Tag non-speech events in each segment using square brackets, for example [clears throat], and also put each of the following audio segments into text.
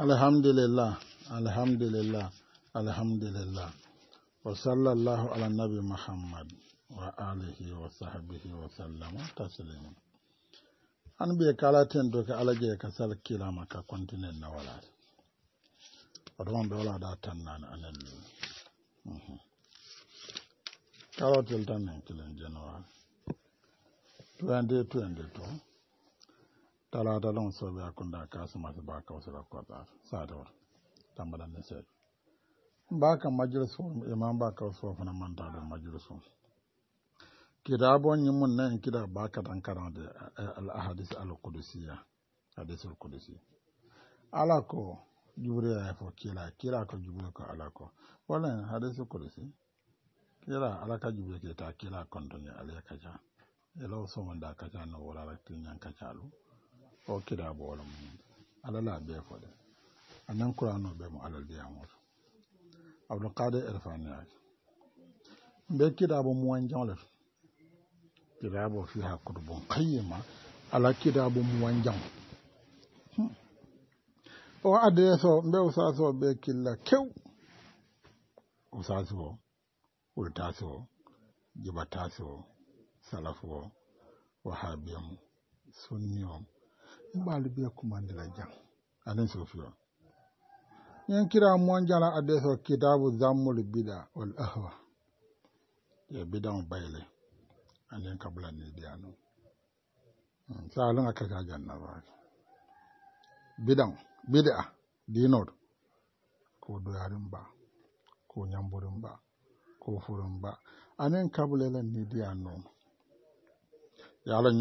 alhamdulillah alhamdulillah alhamdulillah wa sallallahu ala nabi muhammad wa alihi wa sahbihi wa sallama tasliman an ɓe kala ten do ke alaje ka sal kilama ka continue na walade otoman ɓe wala da tannani anen lu karotel tan hen kilen januari 2022 talata lon ka hakkunde masu baka wasu kawsira kota satewol tambaɗanne sai baka majlis fo imam ba wasu so na manta ɗo majlis fo kitabo ñimmun nayi kiɗa dan karande da ahadis al kudusiya hadis al kudusi alako ko ya fo kila kila ko juɓri ko ala ko hadis al kudusi kila ala ka ke ta kila kontoni ala kaca elaw somonda kaca no wala raktiñan kacalu o kira boolo mum ala la bee fo de anan kurano bee mo alal ya abdou kadir erfaniyaki mbe kitaabo muwan kida kitaabo fi hakkude bon kayyima ala kitaabo muwan jang hmm. o adresse o mbe usasi o ɓe killa kew usasi o wultasi o jibatasi o salafu o wahabi om sunni om mbaalu be la jang alen sofiro ñen kira monjala adeso kitabu zammul bida wal ahwa ye bidan bayle anen kabla ni diano hmm, saalun a kaka janna baake bidan dinod ko ba ko nyamburin ba ko ba anen kabla lan ni diano yalan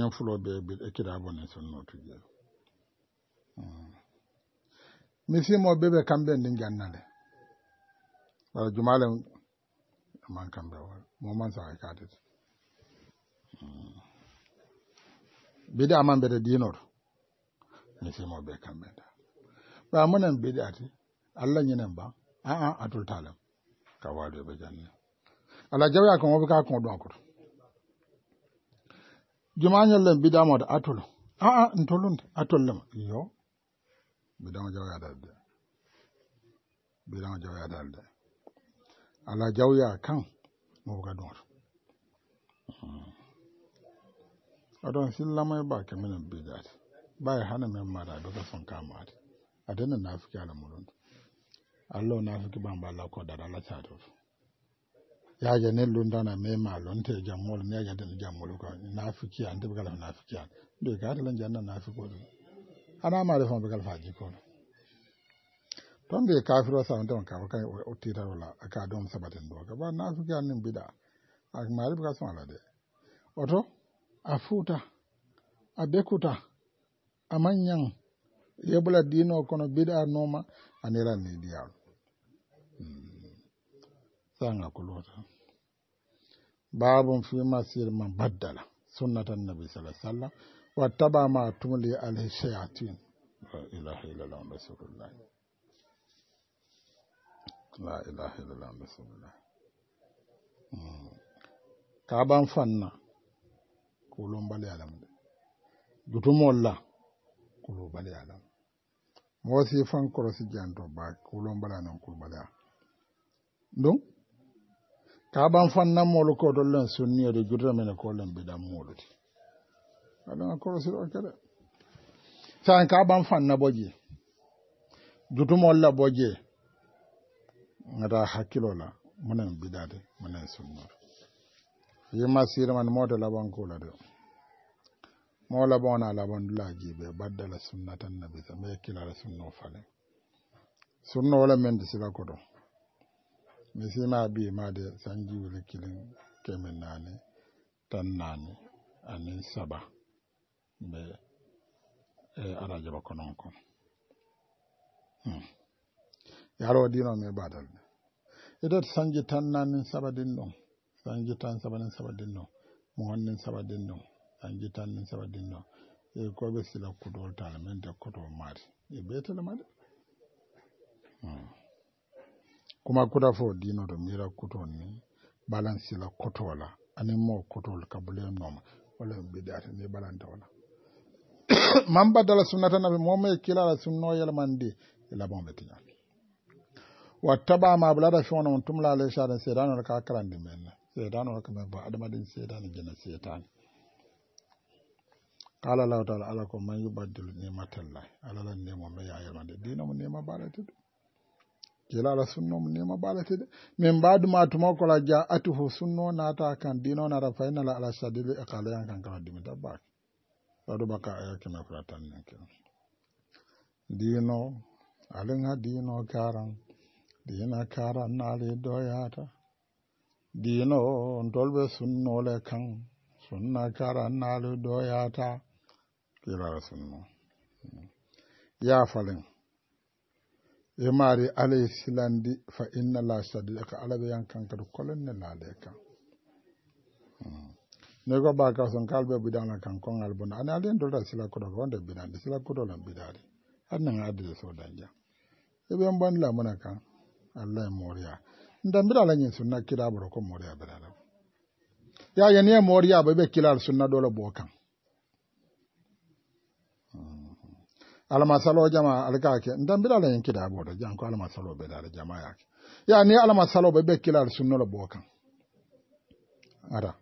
misimo bebe ɓe kamɓe ndin jannale wala jumale man kamɓe wala moman sawa kadete Bida aman ɓeɗe dinoto misimo ɓe kamɓe da ɓa munen bidi ati allah nan ba aa talam ka waɗo be janne ala jawe akon woɓe ka kon ɗon da atul a a aa atul atollema yo bidaŋo jawya dalde bidaŋo jawya dalde ala jawya kan mo buka hmm. duŋoto oɗon sillamay ba keminen bidaade baye hana men maɗa doka son kamaade adena nafiki ala mulundu allah o nafiki ɓamba allah koddade allah catoto yaja nen lundana mema lonte jammolo ne yaja nden jammolo ko nafiki an deɓe kala ko nafiki an nde gatelen janna nafikoɗum hana da fama bakal faji kono ton kafir kafiro sa don ka kan o da wala aka don sabatin do ka ba na su kan nin bida a maarifa ka son ala de oto a futa a bekuta a manyan yebula dino kono bida noma anira ni diyalo hmm. sanga kulota babun fi masir man baddala sunnatan nabi sallallahu alaihi wasallam wattaba ma tumli alayhi shayatin la ilaha illallah rasulullah la ilaha illallah rasulullah kaban fanna kolon bale alam de jutumolla janto ba kolon bala nan kol bala don kaban fanna molu ko dollen sunniyo de jutamene kolen bidan molu aɗana korosiro sa en ka fan na boje la boje hakilo la munen bidade minen sunnor yimma sirman mote labankula de mo labona labandula jiɓe baddala sunnatan nabi sa kila la sunno fale sunno wala men de sila koto mi sima bi ma de sanji sanjiwili kilin kemen nani tan nani anin saba ɓe arajo makko noon ko yaro dino me badal idat sanji tan nanin sabadin ɗon sanji tan sabanin sabadin ɗon mo honnin sabadin ɗon sanji tan nin sabadin ɗon e koɓe sila kudol tala men de koto maari e ɓeytele maɗe hmm. kuma kuda fo dino to mira kutol ni balan sila la ani mo kotol ka buleyem ma wala en mbiɗe ata ni balanta wala man badala sunnata nabi mo e kila la sunno yelmandi e la bon na. Wa taba ma bulada fiwona on tumla le shaɗa seedanol ka karandi men seedanol kame bo adamaɗin seedani jena seetani qala la taala ala ko man yubaddilu nimatallahi alala ndemo me yayelmande dina mo nima baɗete kila la sunno mo nima baɗete de min mbaduma ko la ja atuhu sunno nata kan dino nata la ala sadili e yan kan kala dimi dabbaki aɗumaka ayakina fratanninke dino alin ha dino karan dina karan naali doyata dino ntolɓe sunnole kan sunna karan naali doyata kilara sunno yafalin e mari alay silandi fa inna la sadiaka alaɓe yan kan kadi kolenne laale kan ko ba ka son kalbe bidana kan kon albuna ana alen dota sila kodo ko bi bidande sila kodo lan bidade annan adde so danja e be ban la mona kan allah e moriya ndan bira la nyin sunna kira bro ko moriya bira la ya ya ne moriya ba be kila sunna dole bo kan hmm. alamasalo jama alka ke ndan bira la nyin kira bo da janko alamasalo be da jama ya ya ne alamasalo be be kila sunna lo bo kan ara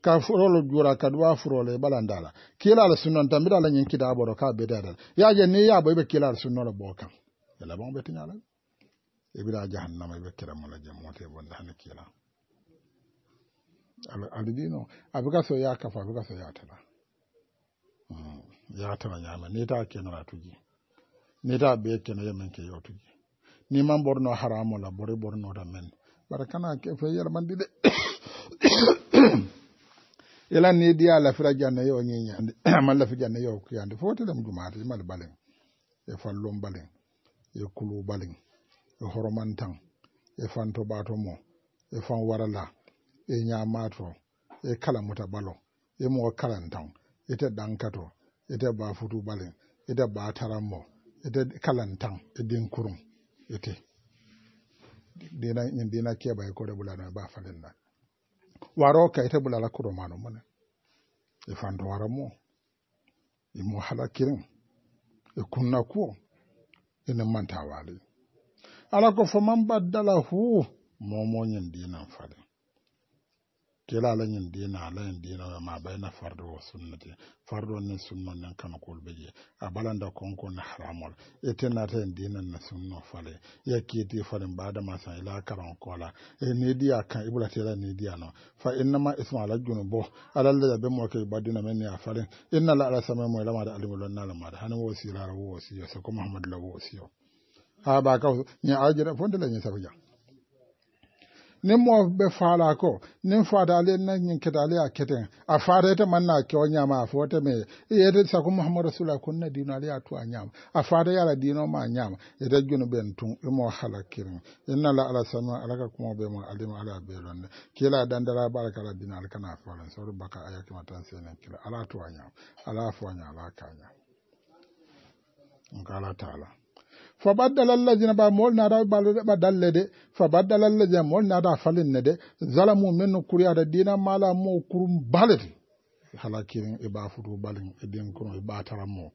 ka furolo jura ka duwa furolo bala ndala kila ala sunnon tambira la nyin kida boro ka be dara ya je ni ya be kila ala la boka bon jahannama be kira mala je mote bon da ne kila alidino abuka so ya kafa abuka so ya tana hmm, ya tana nyama ta tuji ta be ke ni man borno haramo la bore borno da men ke fe yar mandi de yala ni diya lafira janna yo ñiñande [clears throat] ma lafi janna yo kuyande fotelem dumata imal balen e fallon balen e kulu balen e horomantan e fanto bato mo e fan warala e ñamato e kala muta balo e mo kalantan ite e dankato ite e ba futu balen ite e ba taranmo ite kalantan e dinkurum ite dina dina keba e kore bulano e ba waro kayite bulala kuromano mune e fando wara mo e mo hala kirin e kunna kuwo enen manta waali ala ko faman baddalahu momoñin kila ala ñin dina ala ñin dina ma bayna fardu wa sunnati fardu ni sunno nan kana kol beje a balanda konko na haramol etena ten dina na sunno fale ya kiti fale bada ma san ila karan kola e ni diya kan ibula tela ni diya no fa inna ma isma ala junubo ala la be mo ke badina men ya fale inna la ala sama mo ila ma da alimul na la ma da hanan wasila ra wasiya sa ko muhammad la wasiya ha ba ka ni ajira la ni sabuja ni mo be fala ko ni fada le na nyin kedale a keten a fada ta manna ke onya ma fo ta me e de sa ko muhammad rasulullah kun na dino ali atu anyam a fada yara dino ma anyam e de junu ben tun e mo halakirin inna e la ala sama alaka kuma be ma alima ala be ronne la dandara baraka la dina alkana falan sauru baka ayaki matan senen kila ala tu anyam ala fo nya, ala kanya ngala taala fa baddal allahina ba molnaata ɓalɗe ɓa dalle de fa baddal allahina molnaata falinne de zala mum min no kuryaata dina mala mo kurum balete halakirin e bafutu balin e din kono e batarat mo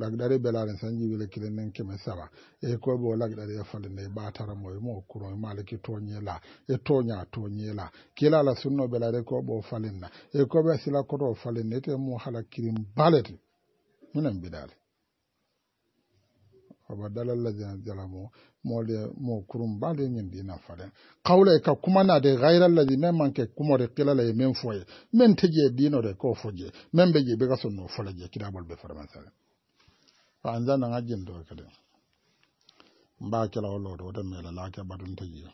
lagɗare belare sanjiwile kile nen keme sawa e koɓe o lagɗare e fallene e batara mo e mo kuro e maliki toñela e toña toñela kilala sunno belare koɓe o fallinna e koɓe sila koto o fallinne te mo hala kirin balete minen mbiɗale fabadala lazina jalamu mole mo kurum bale nyin na falen kawla ka kuma na de gaira lazi men manke kuma de kila la men foye men teje dino de ko foje men be je be ga sonno fola je kida bol be farman sale fa anza na ngajin do kade mba kila wolo do de mela la ke badun teje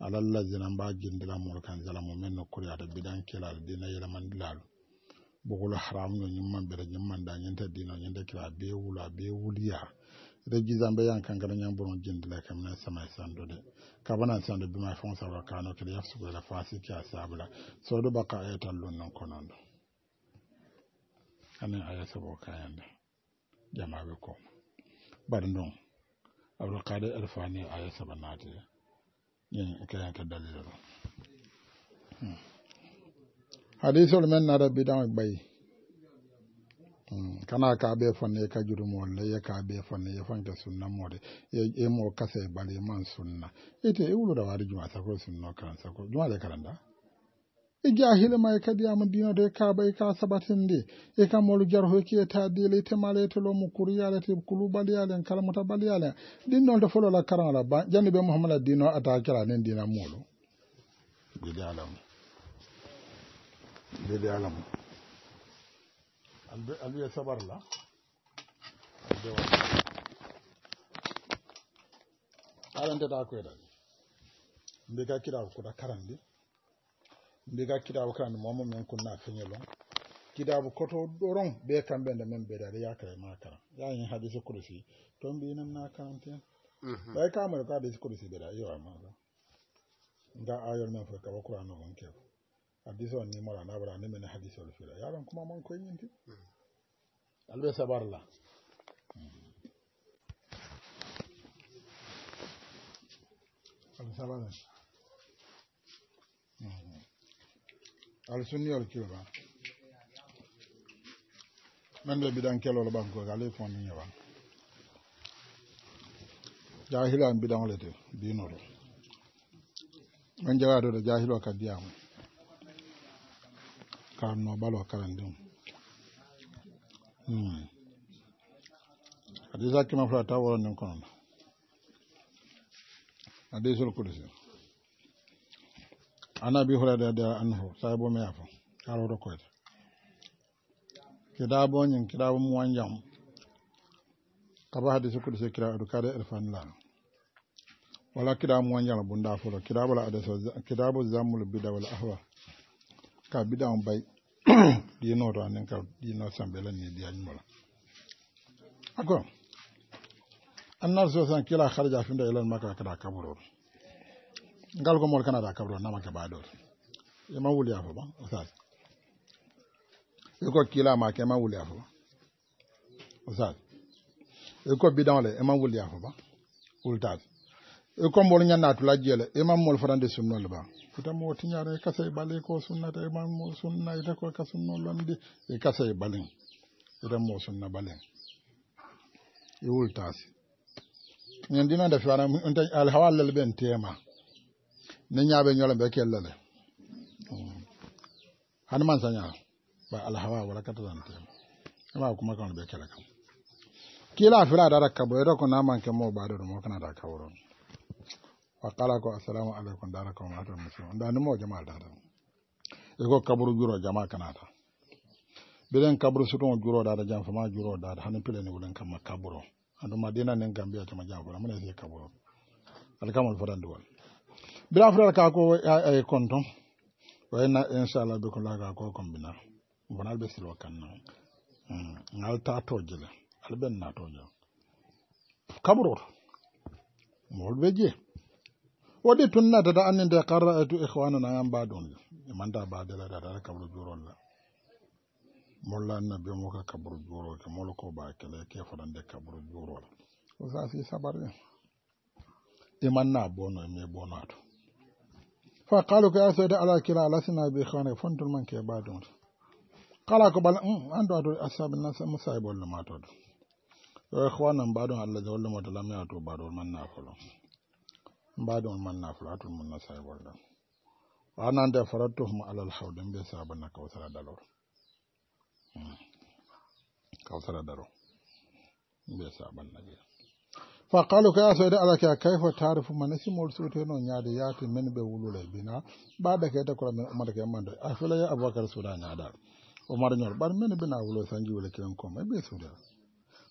alal lazina mba jindila mo kan jalamu men no kuri de bidan kila dina yela man dilalu bugula haram no nyimman bere nyimman da nyenta dino nyenta kila be wula be wuliya ite jizambe yan kankara ñamburon da kamina samay sandude kabana sandu bima fon fasi a aya sabo ko alfani aya saba naati ñin kayanke dalilero hadisol Mm. kana ka be fanne ka juru jurumo le ya ka be fanne ya fanke sunna de e ye mo kase bale man sunna ite e, e wulo da wari juma ta sako sunno kan ko juma da karanda e jahil mai e ka diya ama dino de ka bai e ka sabatin de e ka kam molu jarho ki ta dile te male to lo mu kuriyale te kulu baliyale en kala ya baliyale din non da folo la karan la ba jani be muhammad dino ata kala nen dina mulu bidi alam bidi alam alu ye sabar la da da aranteta koyɗal mbiga kiɗaw koɗa karandi mbiga kiɗaw karandi momo min kunna feñelon kiɗabu koto ɗoron ɓe kamɓe nde men ya yakara ma karam yahin hadise kursi to mbinan na karanten ɓay mhm. kamare ko hadise kursi ɓeɗa yewamaɗo nga ayol men fof kawa courano on kew hadise on nimora nabara andi mene hadise ol fiira yaran kuma man koyñinti hmm. alɓe sabarla hmm. al sabara hmm. al sunniyol kiloba men ɓe mbiɗan kelol ɓankoga alay fonniñe jahilo karanno ɓalo karandin hadisa hmm. kima fula ta woron nin kono hadisul ana bi hura da da anhu sahabo me yafo karo ko ta kidabo nyin kidabo mu wanjam kaba hadisul kudusi kira edukade elfan lan wala kidabo mu wanjam bunda fulo kidabo la adasa kidabo zamul bida ahwa ka bidaŋo bayi diinoto aniŋ ka diinoo sambela niŋ diya ñumola ako annabi sa sallam kila harja finda ilal makka kada kaburoro ngal ko mol kana da kaburoro nama ke baɗoto ema wuliya fo ba o sa e, e ko kila ma ke ema wuliya fo ba osas iko e bidaŋo le ema wuliya fo ba e ko mol ñannatula jele ema mol farande sunno le ba kutan mo tiñaara ya kasa ibali ko sunnata ta iman mu sunna ita ko ka sunno lamdi ya e kasa idan mu itan mo ya wulta su wultasi na da nde fewana alhawar ɓen tema ne ñaaɓe ñole mbe kellele mm. han man sanya ba alhawa wala zan tema ba e kuma kan bai kele kam kila afira adara kabo eto ko namanke mo ɓaɗo ɗum o kanata kawron wa kala ko assalamu aleykum dara ko mata musidɗo ndanimo jama data e ko kaburu juro jama kanata biɗen kaburu Juro juroɗaɗa jam fama juroɗaɗa hanen pilani wulen kamma kaburo andu madina nen gambia tuma jam fula mune si kaburo alkamal fotandi wol bira frère ka ko ay konton wayna inchallah be ko ka ko kombina bonal ɓe silo kanna hmm, ngal ta to jila alɓen na to tojo kaburoto molɓe jee wodi tun natata anninde karra etu na yan ba Iman da baɗum da da kabur kabru jurolla mulla annabi mo ka kabur juroke molo ko ba la ke da fotande kabru jurola usasi sabar Iman na bono bono to fa kalu ko asede ala kila sina bi khana fontul man ke baɗum kala ko bala mm, andu ato asabi nasa musayi bollumatode yo ihwanan baɗum allah jawollumoto lamyato baɗol man na nafolo mbaɗum manna fulatum munna saybolɗa wanande farattuhum alal hawde mbiya sabanna kawsara dalor hmm. kawsara daro mbiya sabanna jeya fa qalu ka yasoyde ala ke a kayfa tarifu mane simol no ñaade yaati men ɓe wulula e bina ɓaɗa keyta kora men omata ke mande a ah, ya abakar sudana da umar nyor bar men bina wulo sanji wala kiran ko e ɓe suuda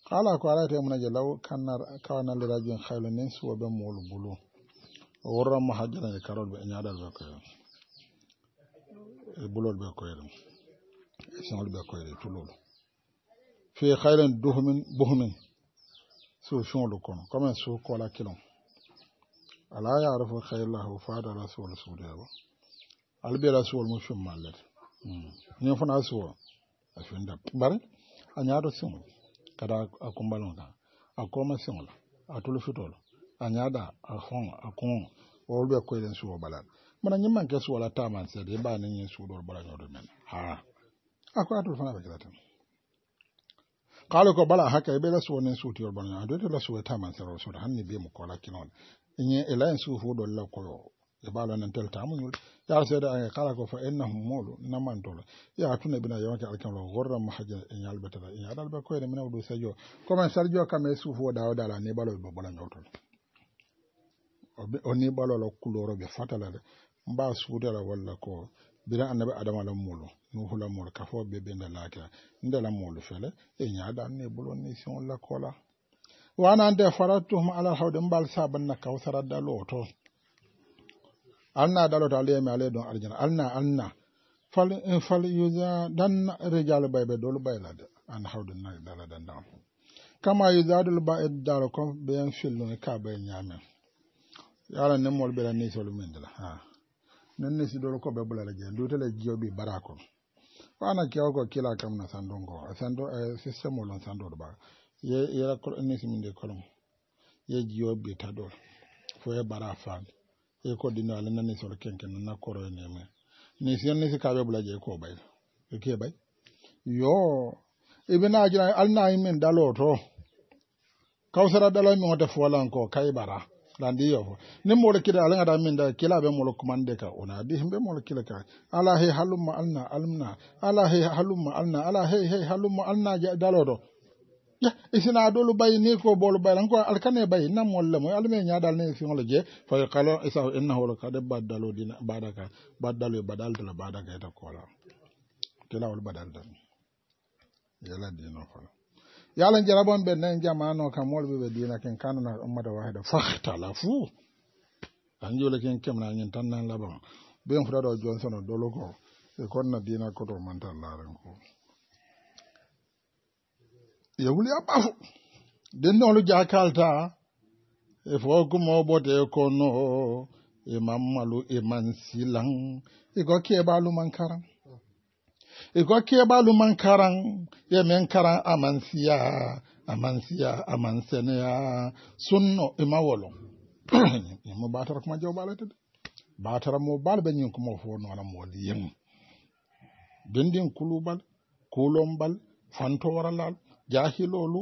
qala ko alate munaje law kannar kawanallirajin haylo nen suwa ban moolu bulu o worranmo hajjana e karol ɓe e ñaɗaso koyen e bulol ɓe koyren e sengol ɓe koyre tulol fi e hayren duhmin buhmin so suŋolu kono comme su kola kilon ala yarifo hayrlah o fada rasuwol suudeɓo ala ɓi rasuwol mo fim mallete hmm. ni fona suwo a finde bare a ñaɗo siŋol kada a kumbalum kan a koma siŋol a tulu fitolo a ñaada a hon a kuŋo wolu ɓe koyɗen suwo bala mana ñimmanke suwola taman seede i ne ni ñin suuɗol bala ñoɗo men ha a ko atul fana ba kela ten kaalo ko bala haka e ɓe la suwo nin suutiyol bala ñoɗo adoyte la su taman seerol suuɗa hanni bi mo kola kinol ñe ela en suufuɗol la koyo e ɓaalo nan tel tamuñol yaara seede age kala ko fa innahum moolu namantolo yaa tuna bina yonke alkamlo gorra mo haja e ñalɓetata e ñaɗal ɓe koyɗe mine oɗo sadio commen sardio kam e suufuwo dawo dala ni ɓaloy bo bala ñowtol oni balo la kuloro bi fatala de mba la wala ko bira annabi adama la mulu nuhu la mulu kafo ɓe ɓenda laakira nde la mulu fele e da ne bulo ni siwon la kola Wa wana nde farattuhum alal hawde mbal wasara da loto anna da loto ale alayemi ale ɗon aljana anna anna fal yuza dan rijal bayɓe dolu de an hawde nagi dala dandan kama yuzadul ba e daro kon ɓeen fil ka bay nyame. yaran ne mol bela ne solu men dala ha nan ne si dolo ko be bula je luta le jiyo bi barako wana kiyo ko kila kam na sandongo sando system wala sando ba ye yara ko ne si minde kolom ye jiyo bi ta dol fo e bara fan e ko dino ala nan ne solu kenken na koro ne me ne si ne si ka be bula je ko bay e ke bay yo ibina jira alna yimin daloto kawsara dalo mi wata folan ko kai bara landi yo ni mo rekida ala ngada min da kila be mo kumande ka ona di himbe mo kila ka ala he halumma anna almna ala he halumma anna ala he he halumma anna ja dalodo ya isina dolu bayi ni ko bolu bayi lan ko alkane bayi nam molle mo alme dal ne fi ngol je fa qalo isa innahu laqad badalu dina badaka badalu badal dala badaka ita kola kila wal badal dan yala dino fala yalan jaraban ben nan jamano kam molɓe ɓe dina ken kanana ummata wahida fahtala fuu an jole na kemnañin tan nan laban ɓen futaɗo jonsono do logo e na dina man tan laran ko ya wuli a ɓafu den nolu ja kalta e fo mo bote no e mammalu e man silang e ko balu man karan ekwa kieba luman karan ye men karan amansiya amansiya amanseneya sunno ima e wolon [coughs] yemo batara kuma jaw balete de batara mo bal be nyin kuma fo no lam wol yem dindin kulubal kulombal fanto waralal jahilolu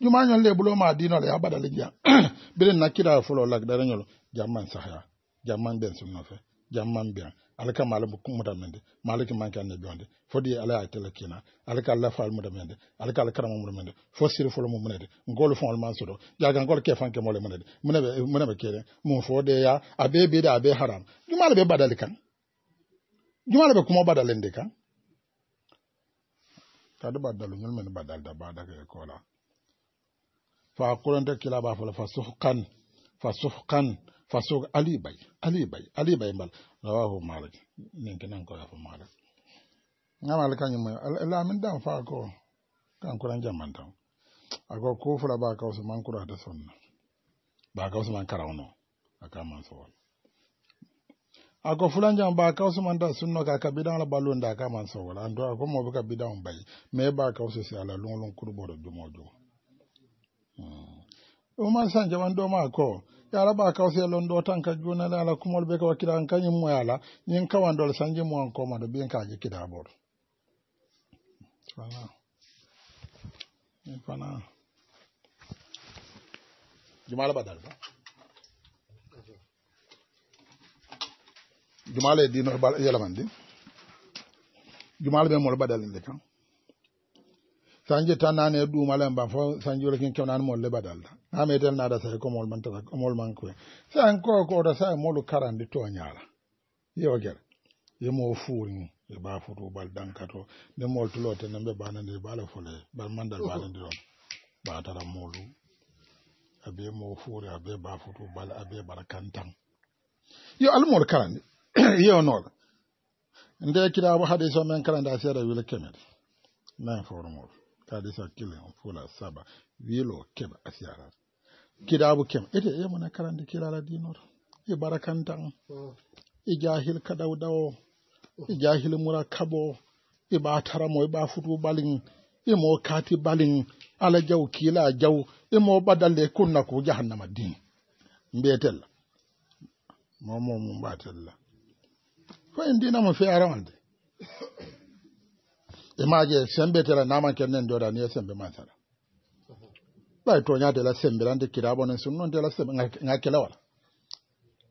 juma ñol le bulo ma dino le abada le jam [clears throat] birin na kida fulo lak dara ñol jamman sahya jamman ben sun nofe jamman ben alaka malamu kumuta mende malaki manke ne bionde fodi ala atela kina alaka alla fal muda mende alaka ala karama muda mende fo sir fo mu munede ngol fo al mansuro jaga ngol ke fanke mole munede munebe munebe kere mu fo de ya abe be da abe haram jumala be badal kan jumala be kuma badal ndi kan kadu badalu nyol men badal da bada kola fa da kila ba fala fasuhkan fasuhkan fasuk ali bay ali bay ali bay mal rawahu malik nin kenan ko yafa malik malika kan yuma la min dan fa ko kan kuran jamman tan ago ko fula ba ka usman kura da sunna ba ka usman karawno aka man so fulan fulanjan ba kawsu man da sunna ka ka bidan la balon da ka man so wala ando ago mo ka bidan bay me ba kawsu si ala lungun kurbo da dumo uman san jaman do ma ko yara ba kaw se londo tan ka juna la la kumol be ka wakila an kanyum mo yala nyin kawan dol sanje mo an ko ma do bin ka ji kida bor fana ni fana jumala badal ba jumala dino bal yala jumala be mo badal ni kan sanje tanane ɗumalen ban fo sanjolakin kewnan molle badalda hame tel naɗa sahe ko mol man ko mol man koye san ko koota sahe molu karandi to ñaala yo gere yemo fuurini e ba foto bal dankato nde mol tulote nan ɓe banandiri baala fole bal mandal banandi on batara molu abe mo fuuri abe ba foto bal abe bara kantan yo almol karandi [clears throat] yewnoɗo nde kiraabo haade so men karandi a seeɗa wila kemede nan formoɗo tadisa kilin fula saba wilo keɓa asiyara kiɗabu kem ite yemuna karande kilala dinoro e barakantan e jahil dawo ɗawo e jahil mura kabo e ba taramo e ba futu ɓalin imo e kati ɓalin ala jaw kiila jaw imo e ɓadalle kunna ko jahannama din mbiyetella momo tella. ɓatella fo en dinamo fe arawande imaje sembe tera naman kennen dora ni sembe masara ba to nya la sembe rande kirabo ne de la sembe ngakela wala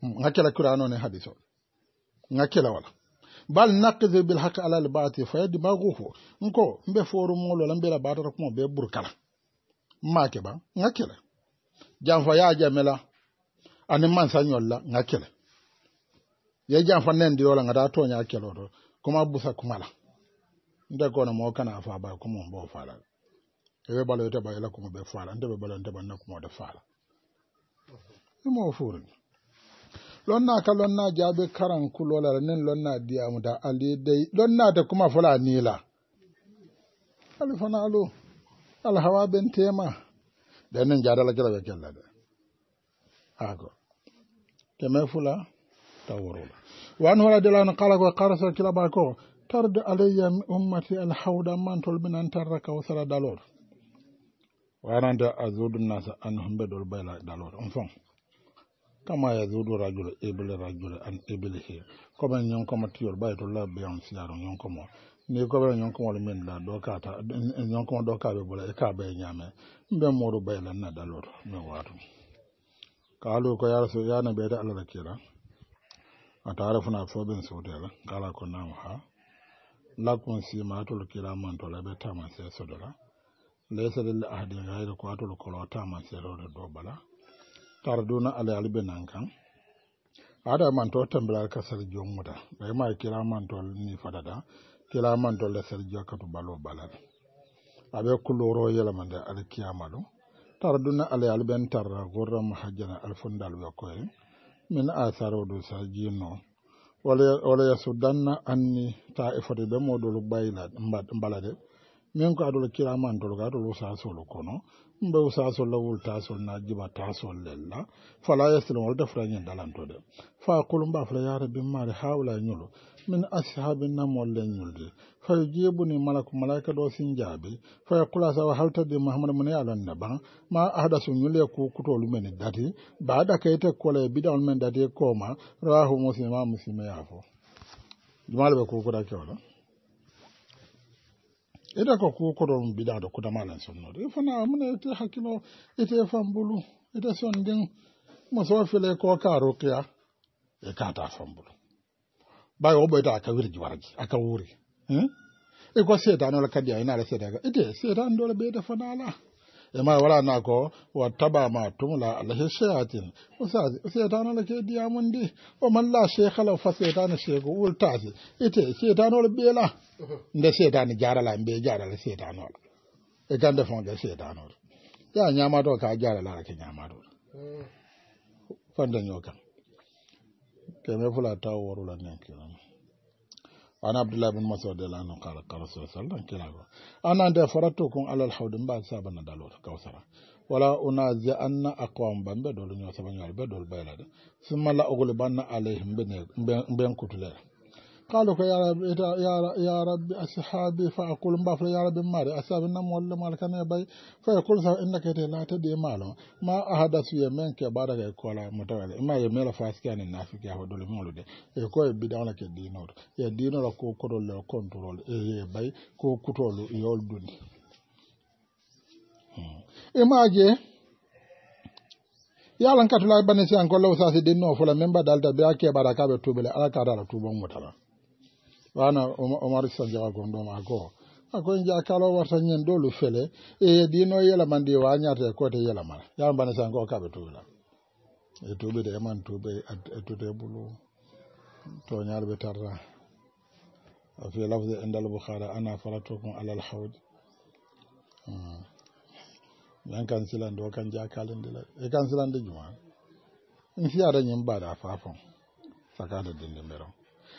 hmm, ngakela kurano ne hadiso ngakela wala bal naqiz bil haqq ala al baati fa yadmaghuhu nko mbe foru molo la mbe la batara kuma be burkala make ba ngakela janfa ya jamela ani man sanyolla ngakela ye janfa nen nga ngata to nya kelo kuma busa kuma la. nte kono mo kana fa ba ko mon bo fala ebe bala yote ba yela kuma be fala nte be bala nte ba na kuma de fala imo e furu lonna ka lonna jabe karan kulola nen lonna diya mu da ali dai lonna ta kuma fala nila alfana alu alhawa ben tema da nen jada la kila be kella de ako keme fula tawrula wa an wala dalana qala ko qarasa kila ba ko tarde alayya ummati alhawda da minan tarra kawsara dalor waranta azudu nasa an humbe dol bayla dalor on fon kama yazudu rajul ibli rajul an iblihi koɓen ñonkomo tiyol ɓaytolla beyon siyaro ñonkomo ni koɓen ñonkomol min la ɗo kata ñonkomo ɗo kaɓe bola e kaɓe e ñaame mben moɗo bayla na dalor min watu kaalu ko yaraso yana ɓeyde allah la kira a taara funa kala ko nam ha lakkun sima atolu kila man to labe taman se so dola lesa lille ahdin gaire ko atolu kolo taman se ro do bala tarduna ale albe nankan ada man to tambala ka sar jomuda be ma kila man to ni fadada kila man to le sar jaka to balo bala abe kullu ro yela man da al kiyamalo tarduna ale alben tar gorra mahajana alfundal be ko min asaro do sajino wala wala yasuddanna anni taifati ɓe moɗol bayla mbalade min ko aɗol kiramantol ka aɗol usasol kono mbe usasol la wol tasol na jiba tasol lella fala yaslim wol defra ñin de fa kulu mba fala ya rabbi mari hawla ñulu min ashabi namol le ñulde fay jeebuni malaku malaika do sin jaabi fay kulasawa haltadde mun mone alan naban ma ahdasu ñulle ku kutolu men dati baɗa kayte kole bidaol men dati koma rahu muslima muslima yafo jumala ɓe da kewla ida ko ku koɗon mbiɗaɗo kudamalan sonnoɗo il fona mune ite hakkilo ite fambulu ite sondin mo sofile ko ka rokiya e ka kata fambulu ɓay o ɓoyta aka wirji warji aka wuri eh e ko se da la seedanole kadi a inaala seeda ga ite seedan dole ɓeyde fonala ema wala na ko taba ma tumla alaihi shayatin usazi shaytan la ke diya mun di o man la shaykha la fa shaytan shayku ultasi ite shaytan la bela hmm. nda shaytan jara la mbe jara la shaytan wala e gande fon ga shaytan wala ya nyama do ka jara la ke nyama do fanda nyoka me fula taw la nenkilan ana abdullahi bin da el ano kala kala so sallan ana da farato kon alal hawde mbawi dalo dalota kawsara wala unazi anna aqwam bambe dol ñoo sabañol be dol baylade summa la ogole banna alaihin bin kutule kaalu ko ya rabbi asahabi fa akul mbafla ya rabbi mari asahabi nam walle mal kane bay fa akul sa inna kete la tadi malo ma ahadasu ya men ke bada ga kola mutawale ma ya mela faski ani nafiki ya hodole mulu de e ko e bidan la ke dino ya dino la ko kodol la kontrol e ye bay ko kutolu yol duni imaje ya lan katula bane si an kollo sa si dinno fula memba dalda be akke bada kabe tubele ala kada la tubon mutala wana omaru sanjawa gondoma goo akoye jaa kala o warta ñen fele e dino yelaman ndi wa ñaata kote ko kaɓe tuɓila e tuɓide eman tuɓe e tude bulu fi ana faratukum alal hawd ñan hmm. kan silande o kan jaa e kan fafon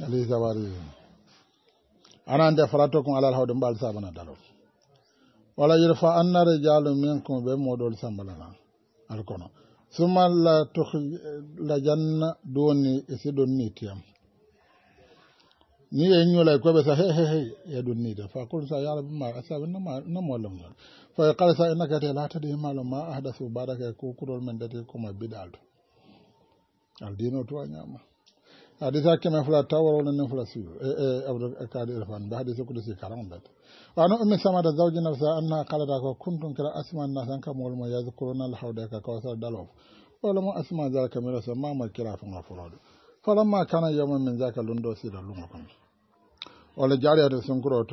alay zawari anande farato kon alal hawde mbaal sabana dalol wala yirfa anna rijalu minkum be modol sambalana alkono summa la tuhlajanna doni e siɗon ni tiyam ni e ñuulay e koɓe sa he he he e ɗum nide fa kul sa ya yara bima asabi namollam noon fa e qala sa innaka te latade himalo ma ahdasu baɗaka e kukurol men dati koma al aldino tuwa ñama hadisa keme fula tawarole ne fula siyo e, e abdoulkadir irfan ba hadise karam da bet wano ummi samada zawji nafsa annaha da ko kuntum kira asma nasan kamol mo yadkuruna alhawda ka kawsar dalo wala mo asma sa mirasa ma kira fanga fulodo falamma kana yawma min zaka lundo sida lungo kon wala to e, sunkuro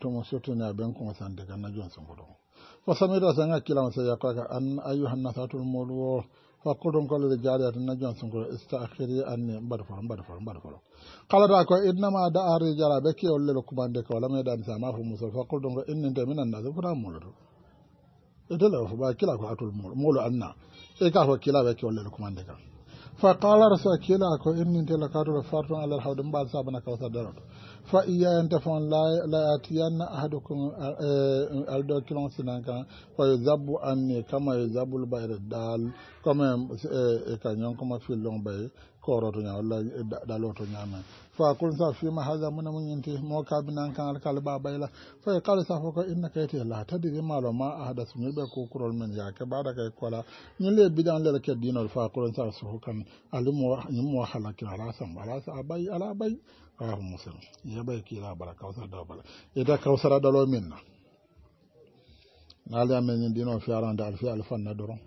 tomo sotoni a ben kuma daga na jon sunkuro fo samira sanga kilama sa ka an ayuhannasatulmol wo hakkutum kollude jaaɗeetenna jon sunkuro istahiri anni mbaɗa foro mbaɗa foro mbaɗa foro kalata ko innama da ari jara ɓe kewol lelo kumande ko wala meeɗani sama fo musol fakkutum ko inninte minan nasi fota muloto etele fo ɓa kila ko atul mulo mulo anna e ka fo kila ɓe kewol lelo kumande kam fa kala rasa kila ko inninte lakatuɗo fartum alal hawde mbaɗ sabana kawsa daroto fa iya yanta fon la yatiyanna ahadukum aldo kilon sinan kan fa yuzabu anni kama yuzabu albayra dal kama e kanyon koro filon ɲa wala nya walla ɲa nyama fa kun sa fi ma haza mun mun yanti mo ka na kan alkal ba la fa qal sa fa ko kai te la tadri ma malo ma ahada sun be ko kuro min ya ka da kai kola ni le bidan le ke dinol fa kun sa su kan alimu ni mo halaki ala san ala sa abai ala bayi rahu muslim yaɓay kiila bala kawsara da bala ita kawsara dalo min na na naali amen ñin ɗino da alfi na doron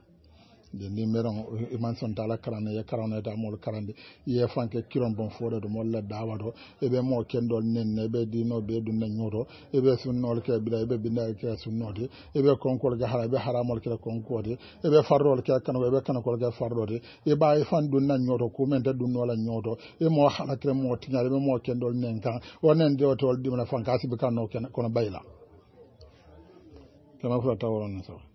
je numéron iman sontala karande ye karaneta mool karande ye fanke kiron bon fore to molla dawa to eɓe mo nen ne ɓe dino ɓe dunne ñuuto eɓe sunnol ke bila eɓe bindal ke sunnode eɓe konkol ke hara eɓe haramol kele konkode eɓe farrol ke kanako eɓe kanakol ke farrode e ɓawi fan dunna ñooto kumente dunnola ñooto emo halakre mo tiñal ɓe mo kendol nen kan onen dewtewol ɗimna fanka sibi kanno kono bayla kema fota tawronni sawa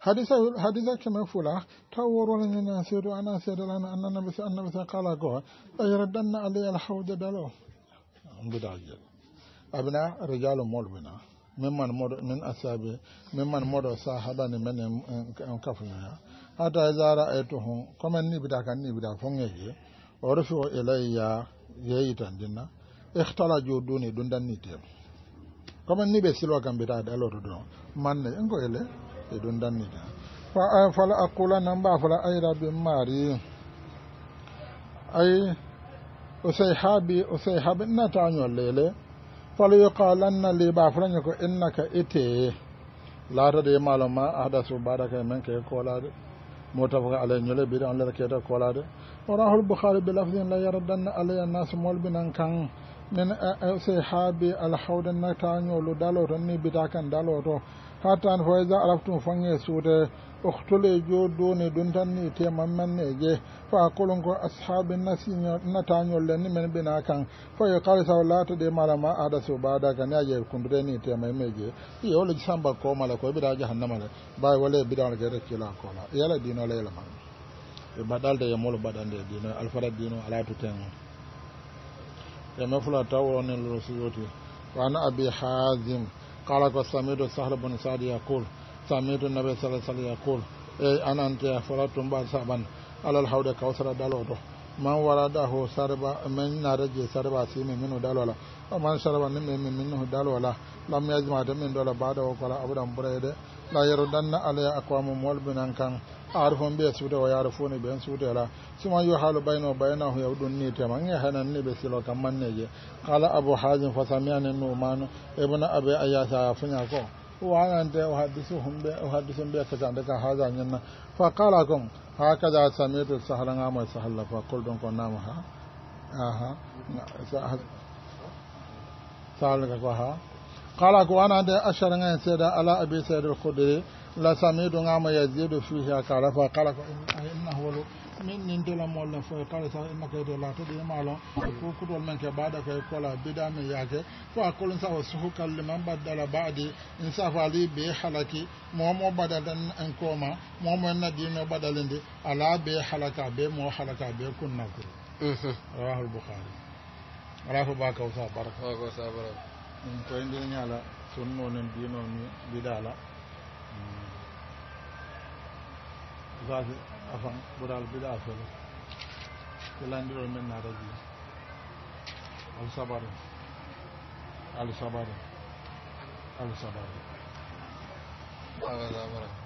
hadisa hadisa keme fula taw worolañana seedo ana seedalano annanabi sa annabi sa kala danna goo ayradanna alay alhawde dalo mbidajel abina rijalu molbina min man moɗo min asabi min man moɗo sa haɗani men en kafuñoya hata zara aytuhum commen nibida kan nibida fongeje o refi o ilayya yeyitandinna ihtalaju duni ɗum dannitema commen niɓe silwa kam mbita ɗaloto man ne en ko ele e ɗum dannida fa ay eh, fala akkula nan mba fala ayra ɓe maari ay o sey haabi o sey haaɓe nataño lele fala yuqalanna li ba fulañi ko innaka itee laatade maalo ma ahda subaɗaka e men keke koolade mutafaka alay ñole mbiɗa on lere keeta koolade o rahol bouhari be lafdin la yaradanna alaya nas molbinan kan min eh, eh, sey haabi alhawde natañolu dalo ni bita kan dalo to hattan fo ida araftum fange suute oktule jo duni duntanni teman manne je fa kolonko ashabi natañolle ni men ɓina kan foye kalisaw laata de malama aɗa so badaka ni aje kundureni temame je yewole samba ko mala ko ɓiɗa jahannamale bawi wala e ɓiɗa ke rekkila kola yala dino laylama e baɗalde e molo baɗande dino alfara dino alatu ten teme fula tawonilo siyoti wana abi hasim قال فسميت سهل بن سعد يقول سميت النبي صلى الله عليه وسلم يقول اي انا انت فرطتم بعد صعبا على الحوض كوثر دالوتو man waradahu sarba man naraje sarba si min minu dalwala o man sarba ni min min minhu dalwala lam yajma da min dola bada wa kala abudan burede la yarudanna alaya aqwamun walbinan kan arfon be suude o yaara fo ne ɓen suutela suma yo haalo bayno baynahu yawɗum ni tema ge hanan ni ɓe silo kam manneje kala abou hasim fa samianen numano ebona abe ayasa fuña ko wanante o haddisuhum ɓe o haddisu mbiya kesande kan haga fa kala kom هكذا سميت السهل نعم سهل فقلت لكم نعمها آها سهل قال أكو أنا أشهر أن سيدنا على أبي سيد الخدري la samidu gama yasjidu fihi akara fa kala ko ay inna holo min nin dolam walla fo e kala sa inna kay e de la to de malon ko kudol men ke bada kay e kola bidami yake fo akolon sa wa suhu kalli man badala baadi in sa fa li bi halaki mo mo badala en koma mo mo na di no badalende ala bi halaka be mo halaka be kun na ko mhm. rahul bukhari rahul ba ka usa baraka ko sa baraka ko indi nyala sunno nen di no ni bidala Mm. zafi afan bural bida fere kulandirol men nataji alsabare alsabare alsabare